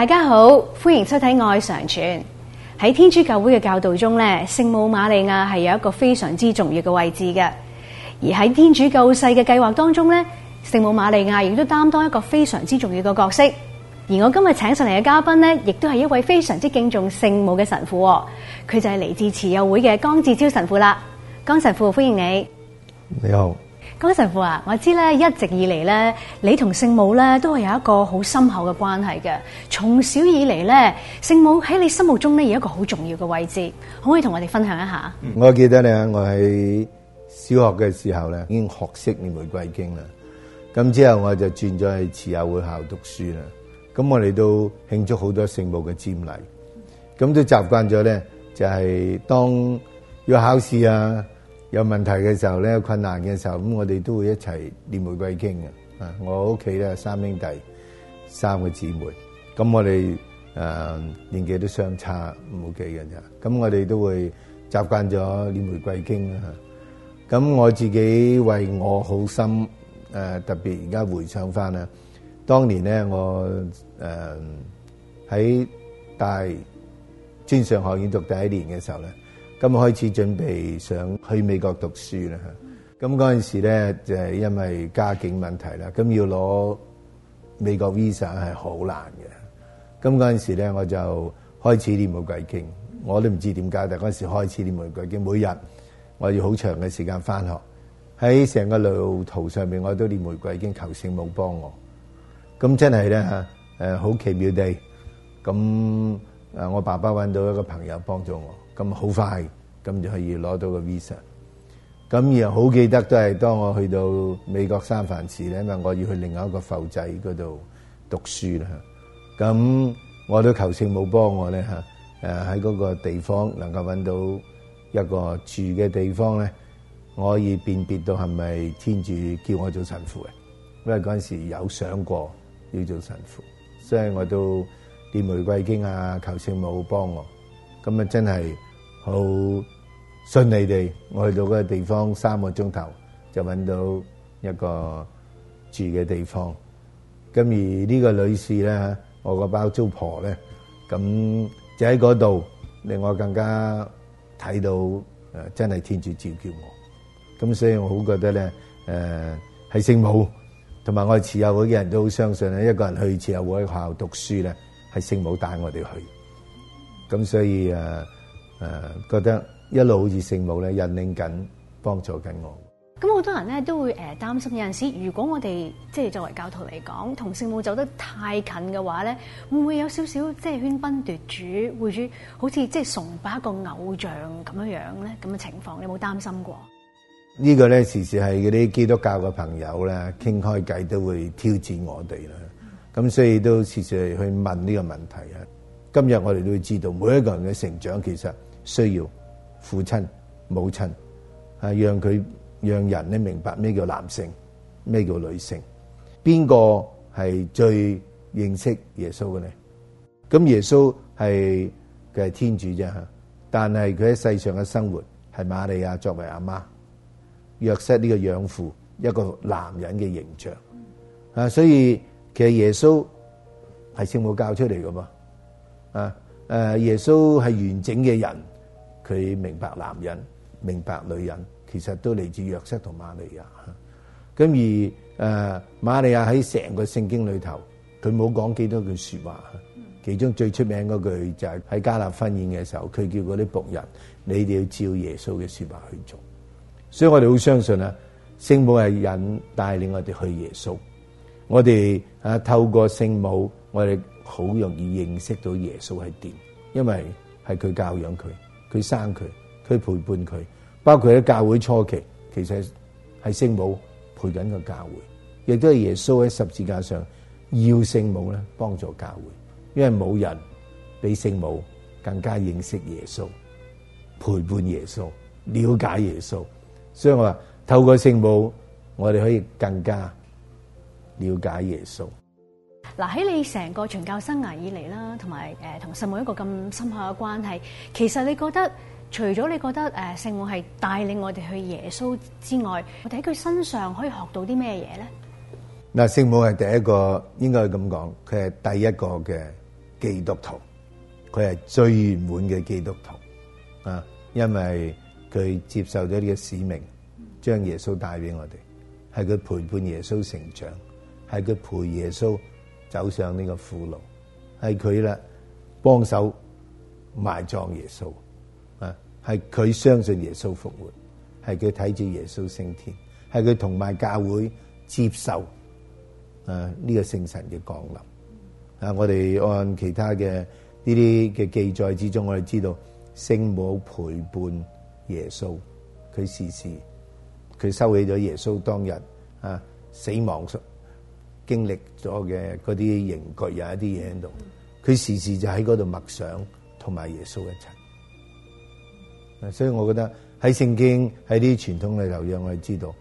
大家好，歡迎收睇《愛常傳》。喺天主教會嘅教導中咧，聖母瑪利亞係有一個非常之重要嘅位置嘅。而喺天主救世嘅計劃當中咧，聖母瑪利亞亦都擔當一個非常之重要嘅角色。而我今日請上嚟嘅嘉賓咧，亦都係一位非常之敬重聖母嘅神父，佢就係嚟自慈幼會嘅江志超神父啦。江神父，歡迎你。你好。各位神父啊，我知咧，一直以嚟咧，你同聖母咧都係有一個好深厚嘅關係嘅。從小以嚟咧，聖母喺你心目中咧有一個好重要嘅位置，可唔可以同我哋分享一下？我記得咧，我喺小學嘅時候咧已經學識念玫瑰經啦。咁之後我就轉咗去慈幼會校讀書啦。咁我哋都慶祝好多聖母嘅瞻禮，咁都習慣咗咧，就係當要考試啊。有問題嘅時候咧，有困難嘅時候，咁我哋都會一齊念玫瑰經嘅。我屋企咧三兄弟，三個姊妹，咁我哋誒、呃、年紀都相差唔好幾嘅啫，咁我哋都會習慣咗念玫瑰經啦。咁我自己為我好心誒、呃，特別而家回想翻，啦，當年咧我誒喺、呃、大專上學院讀第一年嘅時候咧。咁開始準備想去美國讀書啦嚇。咁嗰陣時咧就係因為家境問題啦，咁要攞美國 visa 係好難嘅。咁嗰陣時咧我就開始念玫瑰經，我都唔知點解。但係嗰陣時開始念玫瑰經，每日我要好長嘅時間翻學，喺成個路途上面我都念玫瑰經求聖母幫我。咁真係咧嚇，誒好奇妙地咁誒，我爸爸揾到一個朋友幫咗我。咁好快，咁就可以攞到個 visa。咁然後好記得都係當我去到美國三藩市，咧，因為我要去另一個埠仔嗰度讀書啦。咁我都求聖母幫我咧嚇，誒喺嗰個地方能夠揾到一個住嘅地方咧，我可以辨別到係咪天主叫我做神父嘅，因為嗰陣時有想過要做神父，所以我都唸玫瑰經啊，求聖母幫我。咁啊真係～好順利地，我去到嗰個地方三個鐘頭就揾到一個住嘅地方。咁而呢個女士咧，我個包租婆咧，咁就喺嗰度令我更加睇到誒，真係天主照叫我。咁所以我好覺得咧，誒係聖母，同埋我哋慈幼會嘅人都好相信咧，一個人去慈幼會學校讀書咧，係聖母帶我哋去。咁所以誒。誒、啊，覺得一路好似聖母咧引領緊，幫助緊我。咁好多人咧都會誒擔、呃、心，有陣時如果我哋即係作為教徒嚟講，同聖母走得太近嘅話咧，會唔會有少少即係喧賓奪主，會主好似即係崇拜一個偶像咁樣呢樣咧？咁嘅情況，你有冇擔心過？這個、呢個咧時時係嗰啲基督教嘅朋友咧傾開偈都會挑戰我哋啦。咁、嗯、所以都時時去問呢個問題啊。今日我哋都會知道每一個人嘅成長其實。需要父親、母親，啊，讓佢讓人咧明白咩叫男性，咩叫女性，邊個係最認識耶穌嘅呢？咁耶穌係佢係天主啫，但係佢喺世上嘅生活係瑪利亞作為阿媽，約瑟呢個養父一個男人嘅形象啊，所以其實耶穌係聖母教出嚟噶嘛，啊誒，耶穌係完整嘅人。佢明白男人，明白女人，其實都嚟自約瑟同瑪利亞。咁而誒瑪利亞喺成個聖經裏頭，佢冇講幾多句説話。其中最出名嗰句就係喺加納婚宴嘅時候，佢叫嗰啲僕人：你哋要照耶穌嘅説話去做。所以我哋好相信啊，聖母係引帶領我哋去耶穌。我哋啊透過聖母，我哋好容易認識到耶穌係點，因為係佢教養佢。佢生佢，佢陪伴佢，包括喺教會初期，其實係聖母陪緊個教會，亦都係耶穌喺十字架上要聖母咧幫助教會，因為冇人比聖母更加認識耶穌，陪伴耶穌，了解耶穌，所以我話透過聖母，我哋可以更加了解耶穌。嗱，喺你成個傳教生涯以嚟啦，同埋誒同聖母一個咁深刻嘅關係，其實你覺得除咗你覺得誒聖母係帶領我哋去耶穌之外，我哋喺佢身上可以學到啲咩嘢咧？嗱，聖母係第一個應該咁講，佢係第一個嘅基督徒，佢係最滿嘅基督徒啊！因為佢接受咗呢個使命，將耶穌帶俾我哋，係佢陪伴耶穌成長，係佢陪耶穌，走上呢個苦路，係佢啦幫手埋葬耶穌，啊，係佢相信耶穌復活，係佢睇住耶穌升天，係佢同埋教會接受啊呢個聖神嘅降臨。啊，我哋按其他嘅呢啲嘅記載之中，我哋知道聖母陪伴耶穌，佢時時佢收起咗耶穌當日啊死亡。經歷咗嘅嗰啲刑具有一啲嘢喺度，佢時時就喺嗰度默想同埋耶穌一齊。所以我覺得喺聖經喺啲傳統裏頭讓我哋知道，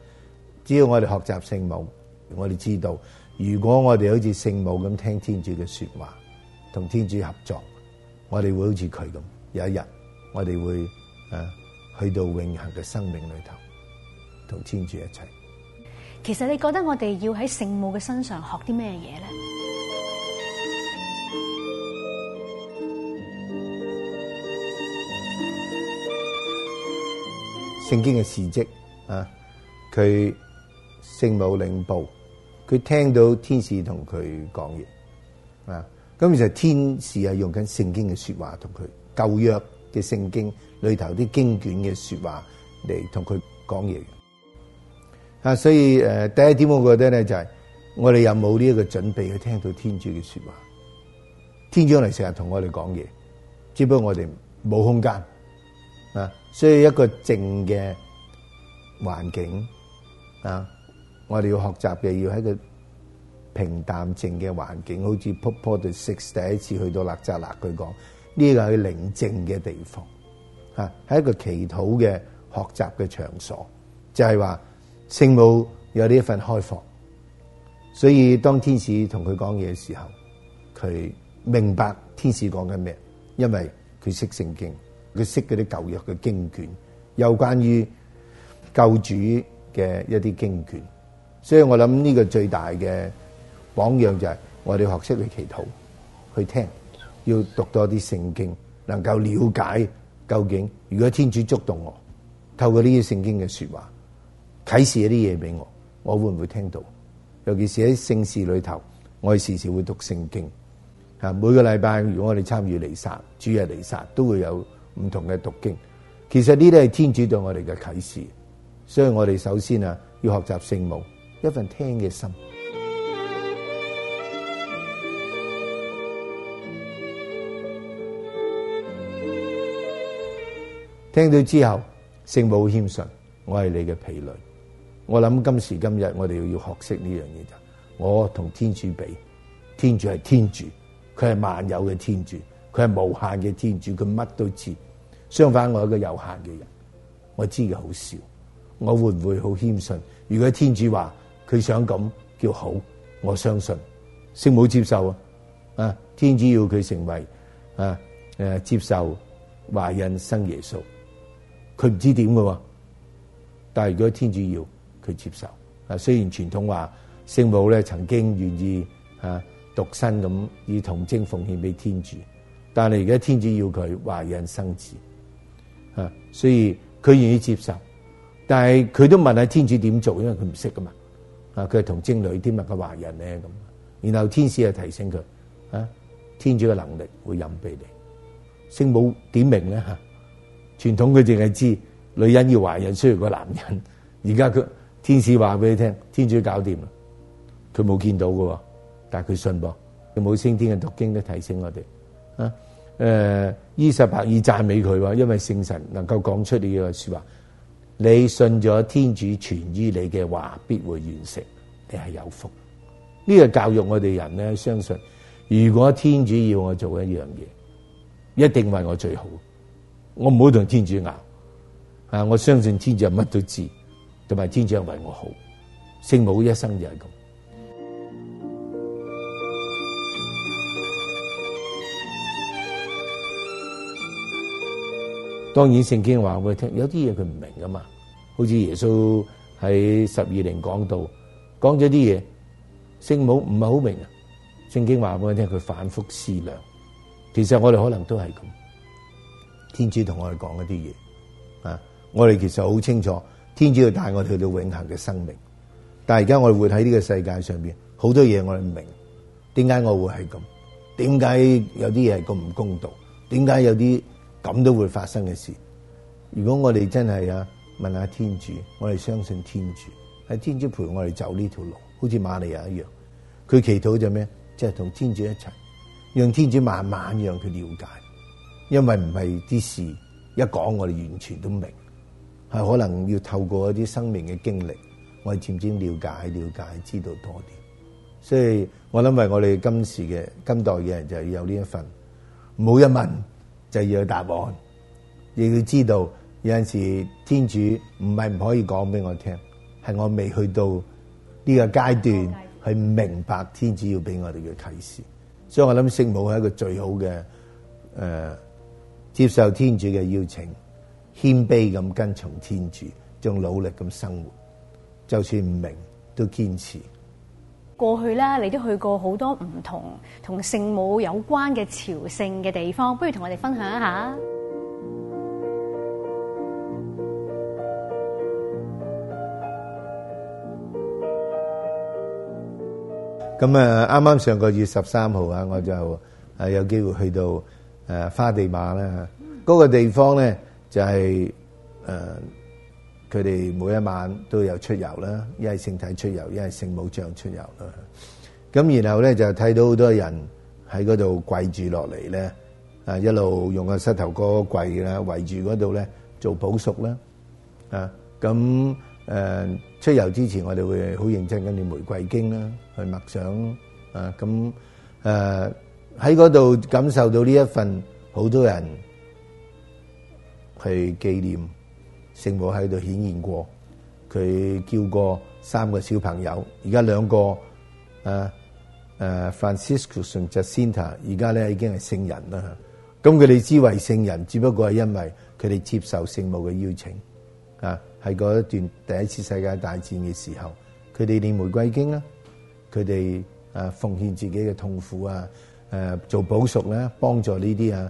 只要我哋學習聖母，我哋知道，如果我哋好似聖母咁聽天主嘅說話，同天主合作，我哋會好似佢咁，有一日我哋會誒去到永恆嘅生命裏頭同天主一齊。其實你覺得我哋要喺聖母嘅身上學啲咩嘢咧？聖經嘅事跡啊，佢聖母領報，佢聽到天使同佢講嘢啊，咁其實天使係用緊聖經嘅說話同佢舊約嘅聖經裏頭啲經卷嘅說話嚟同佢講嘢。啊，所以誒，第一點我覺得咧就係我哋有冇呢一個準備去聽到天主嘅說話。天主嚟，成日同我哋講嘢，只不過我哋冇空間啊，所以一個靜嘅環境啊，我哋要學習嘅，要喺個平淡靜嘅環境，好似瀑 Six 第一次去到拉扎納，佢講呢個係寧靜嘅地方係，係一個祈禱嘅學習嘅場所，就係、是、話。聖母有呢一份開放，所以當天使同佢講嘢嘅時候，佢明白天使講緊咩，因為佢識聖經，佢識嗰啲舊約嘅經卷，有關於救主嘅一啲經卷。所以我諗呢個最大嘅榜樣就係我哋學識去祈禱，去聽，要讀多啲聖經，能夠了解究竟如果天主觸動我，透過呢啲聖經嘅說話。啟示一啲嘢俾我，我會唔會聽到？尤其是喺聖事裏頭，我哋時時會讀聖經。啊，每個禮拜如果我哋參與彌撒，主日彌撒都會有唔同嘅讀經。其實呢啲係天主對我哋嘅啟示，所以我哋首先啊要學習聖母一份聽嘅心。聽到之後，聖母謙遜，我係你嘅疲累。我諗今時今日我哋要學識呢樣嘢就，我同天主比，天主係天主，佢係萬有嘅天主，佢係無限嘅天主，佢乜都知。相反，我係一個有限嘅人，我知嘅好少。我會唔會好謙遜？如果天主話佢想咁叫好，我相信聖母接受啊。啊，天主要佢成為啊誒、啊，接受懷孕生耶穌，佢唔知點嘅，但係如果天主要。佢接受啊，雖然傳統話聖母咧曾經願意啊獨身咁以童貞奉獻俾天主，但係而家天主要佢懷孕生子啊，所以佢願意接受，但係佢都問下天主點做，因為佢唔識噶嘛啊。佢係童貞女，添啊嘅懷孕咧咁，然後天使又提醒佢啊。天主嘅能力會蔭庇你，聖母點明咧吓？傳統佢淨係知女人要懷孕需要個男人，而家佢。天使話俾你聽，天主搞掂啦，佢冇見到嘅，但係佢信噃，佢冇升天嘅讀經都提醒我哋，啊，誒、啊，伊薩白爾讚美佢，因為聖神能夠講出呢個說話，你信咗天主傳於你嘅話，必會完成，你係有福，呢、這個教育我哋人咧，相信如果天主要我做一樣嘢，一定為我最好，我唔好同天主拗，啊，我相信天主係乜都知。同埋天主為我好，聖母一生就係咁。當然聖經話畀我聽，有啲嘢佢唔明噶嘛。好似耶穌喺十二年講到，講咗啲嘢，聖母唔係好明啊。聖經話畀我聽，佢反覆思量。其實我哋可能都係咁，天主同我哋講一啲嘢啊，我哋其實好清楚。天主要帶我哋去到永恒嘅生命，但係而家我哋活喺呢個世界上邊，好多嘢我哋唔明，點解我會係咁？點解有啲嘢係咁唔公道？點解有啲咁都會發生嘅事？如果我哋真係啊，問下天主，我哋相信天主，係天主陪我哋走呢條路，好似瑪利亞一樣，佢祈禱就咩？即係同天主一齊，讓天主慢慢讓佢了解，因為唔係啲事一講我哋完全都明。係可能要透過一啲生命嘅經歷，我哋漸漸了解、了解、知道多啲。所以，我諗為我哋今時嘅今代嘅人就要有呢一份，冇一問就要有答案，亦要知道有陣時天主唔係唔可以講俾我聽，係我未去到呢個階段去明白天主要俾我哋嘅啟示。所以我諗聖母係一個最好嘅誒、呃，接受天主嘅邀請。謙卑咁跟從天主，仲努力咁生活，就算唔明都堅持。過去啦，你都去過好多唔同同聖母有關嘅朝聖嘅地方，不如同我哋分享一下。咁、嗯、啊，啱啱上個月十三號啊，我就有機會去到誒花地瑪啦，嗰、嗯個地方咧。就係誒，佢哋每一晚都有出遊啦，一係聖體出遊，一係聖母像出遊啦。咁然後咧就睇到好多人喺嗰度跪住落嚟咧，啊一路用個膝頭哥跪啦，圍住嗰度咧做補贖啦。啊，咁誒出遊之前我哋會好認真跟住玫瑰經啦，去默想啊，咁誒喺嗰度感受到呢一份好多人。去紀念聖母喺度顯現過，佢叫過三個小朋友，而家兩個誒誒、啊啊，Francisco 同 Jacinta，而家咧已經係聖人啦。咁佢哋之為聖人，只不過係因為佢哋接受聖母嘅邀請，啊，喺嗰一段第一次世界大戰嘅時候，佢哋念玫瑰經啦，佢哋誒奉獻自己嘅痛苦啊，誒、啊、做保贖咧，幫助呢啲啊。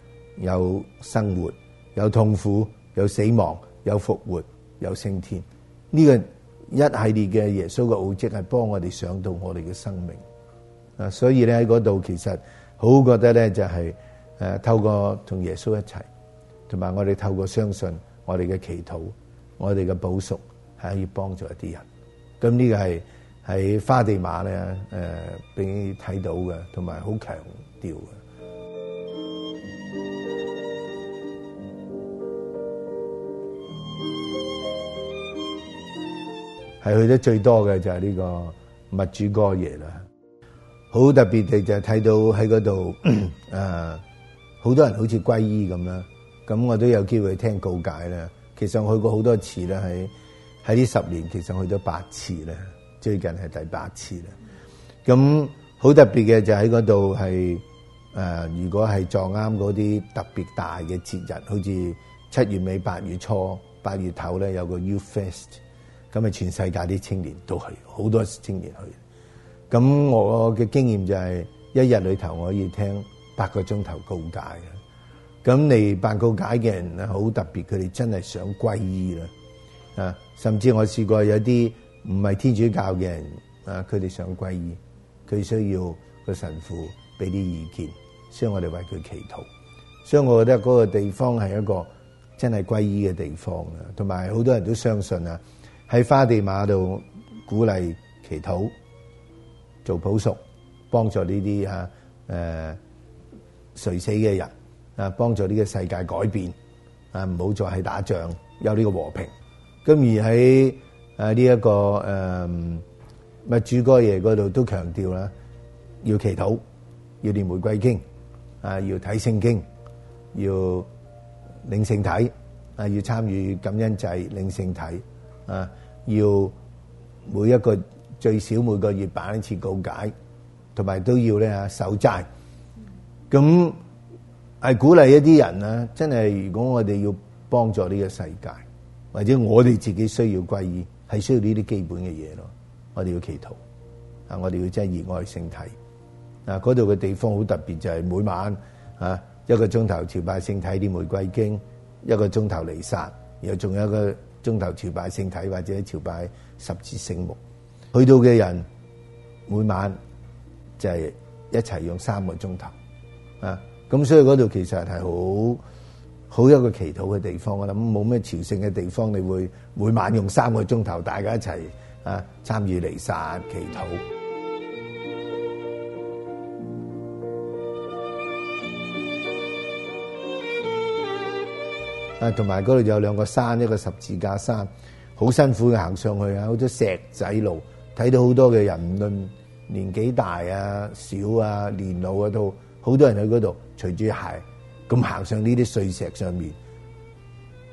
有生活，有痛苦，有死亡，有復活，有升天。呢、這個一系列嘅耶穌嘅奧跡係幫我哋想到我哋嘅生命。啊，所以咧喺度其實好覺得咧就係誒透過同耶穌一齊，同埋我哋透過相信我哋嘅祈禱，我哋嘅保贖係可以幫助一啲人。咁、這、呢個係喺花地瑪咧誒俾睇到嘅，同埋好強調嘅。係去得最多嘅就係、是、呢個默主哥耶啦，好特別地就睇到喺嗰度誒，好、呃、多人好似歸依咁啦，咁我都有機會去聽告解啦。其實我去過好多次啦，喺喺呢十年其實去咗八次啦，最近係第八次啦。咁好特別嘅就喺嗰度係誒，如果係撞啱嗰啲特別大嘅節日，好似七月尾、八月初、八月頭咧，有個 Youth Fest。咁咪全世界啲青年都係好多青年去，咁我嘅經驗就係一日裏頭我要聽八個鐘頭告解。咁嚟辦告解嘅人好特別，佢哋真係想皈依啦。啊，甚至我試過有啲唔係天主教嘅人啊，佢哋想皈依，佢需要個神父俾啲意見，所以我哋為佢祈禱。所以我覺得嗰個地方係一個真係皈依嘅地方啊，同埋好多人都相信啊。喺花地瑪度鼓勵祈禱，做補贖幫助呢啲啊誒垂死嘅人啊，幫助呢個世界改變啊，唔好再係打仗，有呢個和平。咁而喺誒呢一個誒默主哥耶嗰度都強調啦，要祈禱，要念玫瑰經啊，要睇聖經，要領聖體啊，要參與感恩祭，領聖體。啊！要每一個最少每個月辦一次告解，同埋都要咧守齋。咁係鼓勵一啲人啦。真係，如果我哋要幫助呢個世界，或者我哋自己需要歸依，係需要呢啲基本嘅嘢咯。我哋要祈禱啊！我哋要真係熱愛聖體啊！嗰度嘅地方好特別，就係、是、每晚啊一個鐘頭朝拜聖體啲玫瑰經，一個鐘頭彌撒，又仲有一個。鐘頭朝拜聖體或者朝拜十字聖木，去到嘅人每晚就係一齊用三個鐘頭啊！咁所以嗰度其實係好好有一個祈禱嘅地方啦。咁冇咩朝聖嘅地方，地方你會每晚用三個鐘頭，大家一齊啊參與彌撒祈禱。啊，同埋嗰度有兩個山，一個十字架山，好辛苦嘅行上去啊，好多石仔路，睇到好多嘅人，唔論年紀大啊、少啊、年老啊都，好多人喺嗰度除住鞋咁行上呢啲碎石上面，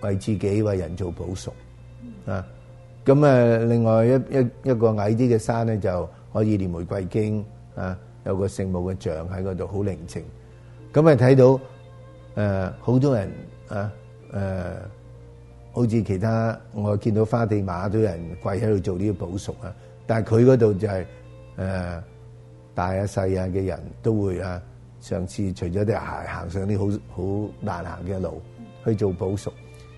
為自己為人做補贖啊！咁啊，另外一一一個矮啲嘅山咧，就可以唸玫瑰經啊，有個聖母嘅像喺嗰度，好寧靜。咁啊，睇到誒好多人啊～誒、呃，好似其他我見到花地馬都有人跪喺度做呢啲補贖啊，但係佢嗰度就係、是、誒、呃、大一世啊嘅人都會啊，上次除咗啲鞋行上啲好好難行嘅路去做補贖，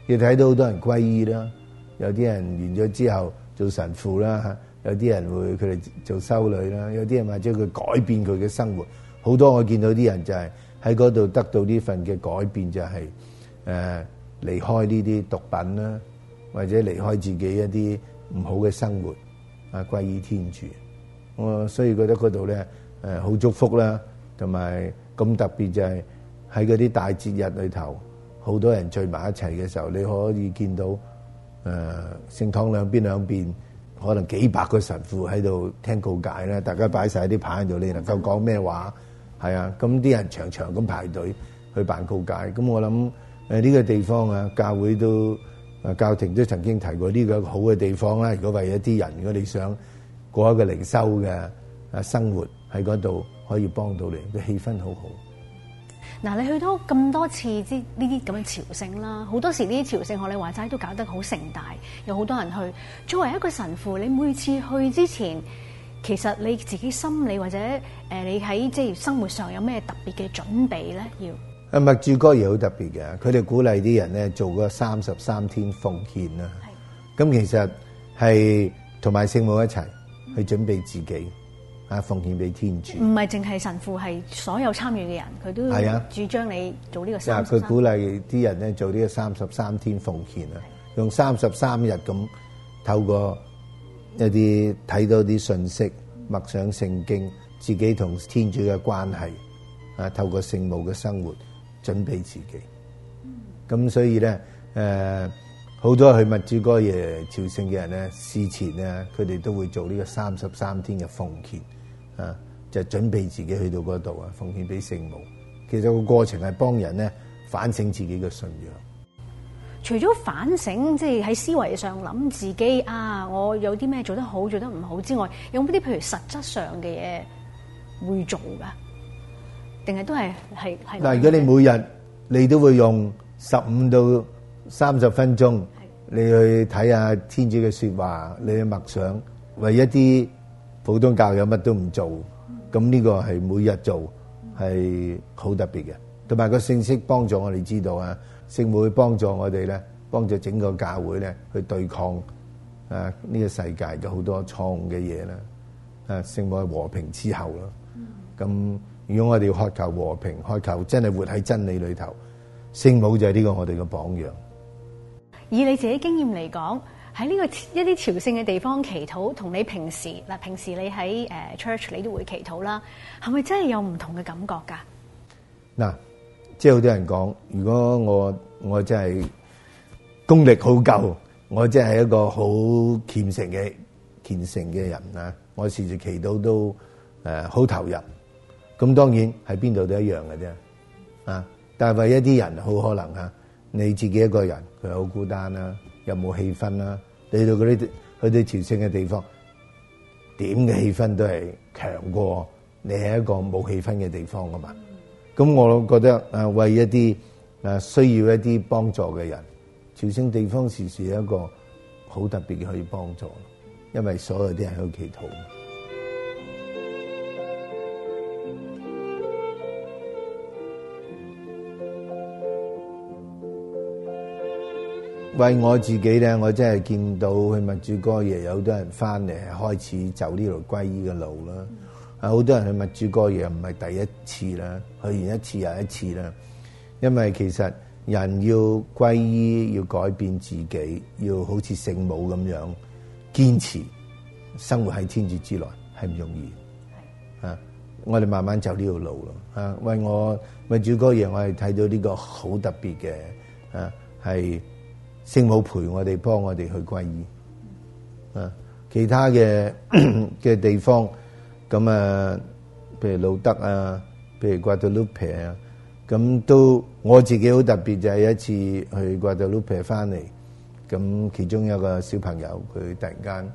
亦睇到好多人皈依啦，有啲人完咗之後做神父啦，有啲人會佢哋做修女啦，有啲人話將佢改變佢嘅生活，好多我見到啲人就係喺嗰度得到呢份嘅改變就係、是、誒。呃離開呢啲毒品啦，或者離開自己一啲唔好嘅生活，啊，歸於天主。我所以覺得嗰度咧，誒好祝福啦，同埋咁特別就係喺嗰啲大節日裏頭，好多人聚埋一齊嘅時候，你可以見到誒聖堂兩邊兩邊可能幾百個神父喺度聽告解啦，大家擺晒啲牌喺度，你能夠講咩話？係啊，咁啲人長長咁排隊去辦告解，咁我諗。誒、這、呢個地方啊，教會都啊教廷都曾經提過呢、這個、個好嘅地方啦。如果為一啲人，如果你想過一個靈修嘅啊生活喺嗰度，在那裏可以幫到你，個氣氛好好。嗱，你去到咁多次即呢啲咁嘅朝聖啦，好多時呢啲朝聖學你話齋都搞得好盛大，有好多人去。作為一個神父，你每次去之前，其實你自己心理或者誒你喺即係生活上有咩特別嘅準備咧？要？啊！墨柱哥亦好特別嘅，佢哋鼓勵啲人咧做嗰三十三天奉獻啦。咁其實係同埋聖母一齊、嗯、去準備自己，啊，奉獻俾天主。唔係淨係神父，係所有參與嘅人，佢都係啊，主張你做呢個三十三。佢鼓勵啲人咧做呢個三十三天奉獻啊，用三十三日咁透過一啲睇到啲信息、嗯，默想聖經，自己同天主嘅關係啊，透過聖母嘅生活。準備自己，咁所以咧，誒、呃，好多去默主哥耶朝聖嘅人咧，事前咧，佢哋都會做呢個三十三天嘅奉獻，啊，就是、準備自己去到嗰度啊，奉獻俾聖母。其實個過程係幫人咧反省自己嘅信仰。除咗反省，即係喺思維上諗自己啊，我有啲咩做得好，做得唔好之外，有冇啲譬如實質上嘅嘢會做噶？定係都係係係。嗱，如果你每日你都會用十五到三十分鐘，你去睇下天主嘅説話，你去默想，為一啲普通教友乜都唔做。咁呢個係每日做，係好特別嘅。同埋個信息幫助我哋知道啊，聖母會幫助我哋咧，幫助整個教會咧去對抗啊呢個世界嘅好多錯誤嘅嘢啦。啊，聖母係和平之後啦。咁如果我哋要渴求和平，渴求真係活喺真理裏頭，聖母就係呢個我哋嘅榜樣。以你自己經驗嚟講，喺呢、這個一啲朝聖嘅地方祈禱，同你平時嗱、呃，平時你喺誒 church 你都會祈禱啦，係咪真係有唔同嘅感覺噶？嗱、呃，即係好多人講，如果我我真係功力好夠，我真係一個好虔誠嘅虔誠嘅人啊，我時時祈禱都誒好、呃、投入。咁當然喺邊度都一樣嘅啫，啊！但係為一啲人好可能嚇，你自己一個人佢好孤單啦，又有冇氣氛啦？你到佢啲、去到朝聖嘅地方，點嘅氣氛都係強過你喺一個冇氣氛嘅地方噶嘛。咁我覺得誒，為一啲需要一啲幫助嘅人，朝聖地方時時一個好特別可以幫助，因為所有啲人喺度祈禱。為我自己咧，我真係見到去默主哥耶有好多人翻嚟開始走呢條歸依嘅路啦。啊，好多人去默主哥耶唔係第一次啦，去完一次又一次啦。因為其實人要歸依，要改變自己，要好似聖母咁樣堅持生活喺天主之內，係唔容易。係啊，啊，我哋慢慢走呢條路咯。啊，為我默主哥耶，我哋睇到呢個好特別嘅啊，係。聖母陪我哋，幫我哋去歸依啊！其他嘅嘅地方咁啊，譬如露德啊，譬如瓜達魯皮啊，咁都我自己好特別，就係一次去瓜達魯皮翻嚟，咁其中有個小朋友，佢突然間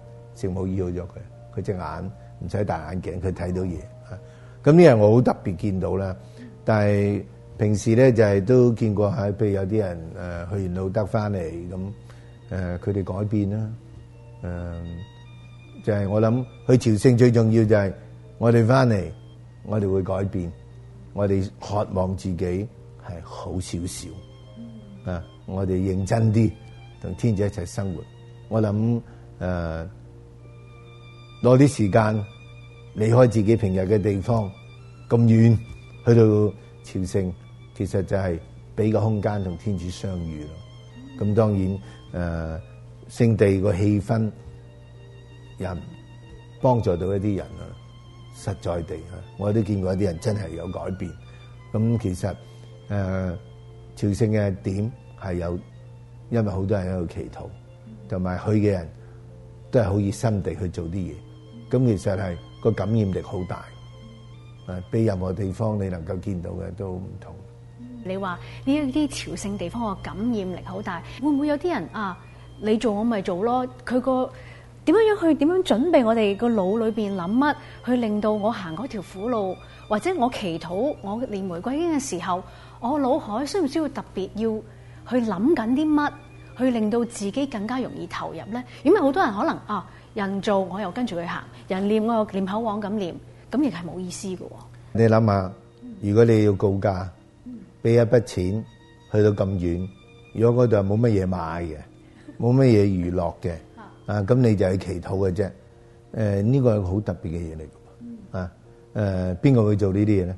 聖母醫好咗佢，佢隻眼唔使戴眼鏡，佢睇到嘢啊！咁呢樣我好特別見到啦，但係。平時咧就係都見過喺，譬如有啲人誒，去完路德翻嚟咁，誒，佢哋改變啦，誒就係我諗去朝聖最重要就係我哋翻嚟，我哋會改變，我哋渴望自己係好少少，啊我哋認真啲同天主一齊生活，我諗誒攞啲時間離開自己平日嘅地方咁遠去到朝聖。其實就係俾個空間同天主相遇咯，咁當然誒，聖地個氣氛，人幫助到一啲人啊！實在地啊，我都見過一啲人真係有改變。咁其實誒、呃，朝聖嘅點係有，因為好多人喺度祈禱，同埋去嘅人都係好熱心地去做啲嘢。咁其實係個感染力好大，誒、啊，比任何地方你能夠見到嘅都唔同。你話呢一啲朝聖地方嘅感染力好大，會唔會有啲人啊？你做我咪做咯？佢個點樣去，點樣準備？我哋個腦裏面諗乜，去令到我行嗰條苦路，或者我祈禱，我念玫瑰經嘅時候，我腦海需唔需要特別要去諗緊啲乜，去令到自己更加容易投入咧？因為好多人可能啊，人做我又跟住佢行，人念我又念口往咁念，咁亦係冇意思嘅。你諗下，如果你要告假俾一筆錢去到咁遠，如果嗰度冇乜嘢買嘅，冇乜嘢娛樂嘅，啊咁你就係祈禱嘅啫。誒呢個係好特別嘅嘢嚟嘅。啊誒，邊個會做呢啲嘢咧？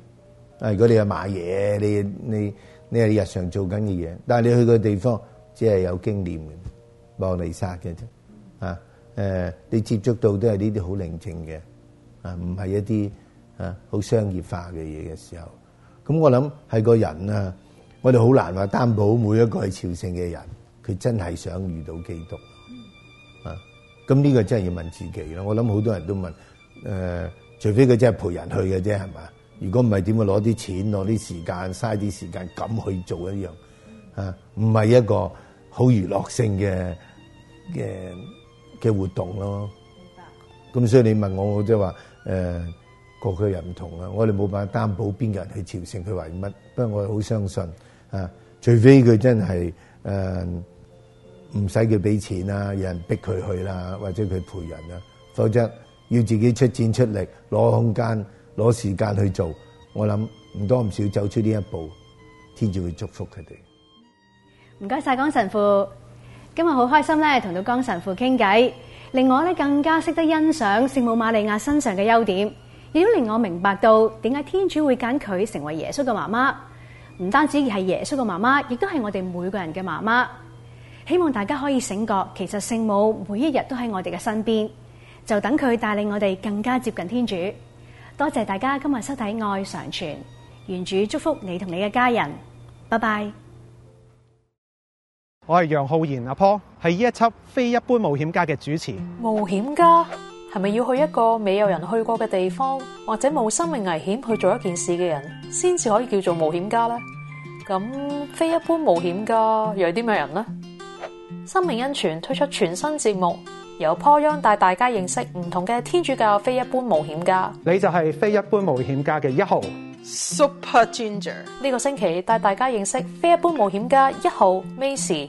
啊，如果你係買嘢，你你你係日常做緊嘅嘢，但係你去個地方只係有經驗嘅幫你殺嘅啫。啊誒，你接觸到都係呢啲好寧靜嘅，啊唔係一啲啊好商業化嘅嘢嘅時候。咁我諗係個人啊，我哋好難話擔保每一個係朝聖嘅人，佢真係想遇到基督、嗯、啊！咁呢個真係要問自己咯。我諗好多人都問，誒、呃，除非佢真係陪人去嘅啫，係咪？如果唔係，點會攞啲錢、攞啲時間、嘥啲時間咁去做一樣、嗯、啊？唔係一個好娛樂性嘅嘅嘅活動咯。明白。咁所以你問我，即係話誒。呃各個人又唔同啦，我哋冇辦法擔保邊個人去朝聖佢為乜，不過我好相信啊，除非佢真係誒，唔使佢俾錢啦，有人逼佢去啦，或者佢陪人啦，否則要自己出錢出力攞空間攞時間去做。我諗唔多唔少走出呢一步，天就會祝福佢哋。唔該晒江神父，今日好開心咧，同到江神父傾偈，令我咧更加識得欣賞聖母瑪利亞身上嘅優點。亦都令我明白到點解天主會揀佢成為耶穌嘅媽媽，唔單止係耶穌嘅媽媽，亦都係我哋每個人嘅媽媽。希望大家可以醒覺，其實聖母每一日都喺我哋嘅身邊，就等佢帶領我哋更加接近天主。多謝大家今日收睇《愛常傳》，願主祝福你同你嘅家人。拜拜。我係楊浩然阿波，係呢一輯《非一般冒險家》嘅主持。冒險家。係咪要去一個未有人去過嘅地方，或者冇生命危險去做一件事嘅人，先至可以叫做冒險家呢？咁非一般冒險家又係啲咩人呢？「生命恩泉推出全新節目，由破央帶大家認識唔同嘅天主教非一般冒險家。你就係非一般冒險家嘅一號 Super Ginger。呢個星期帶大家認識非一般冒險家一號 Maisie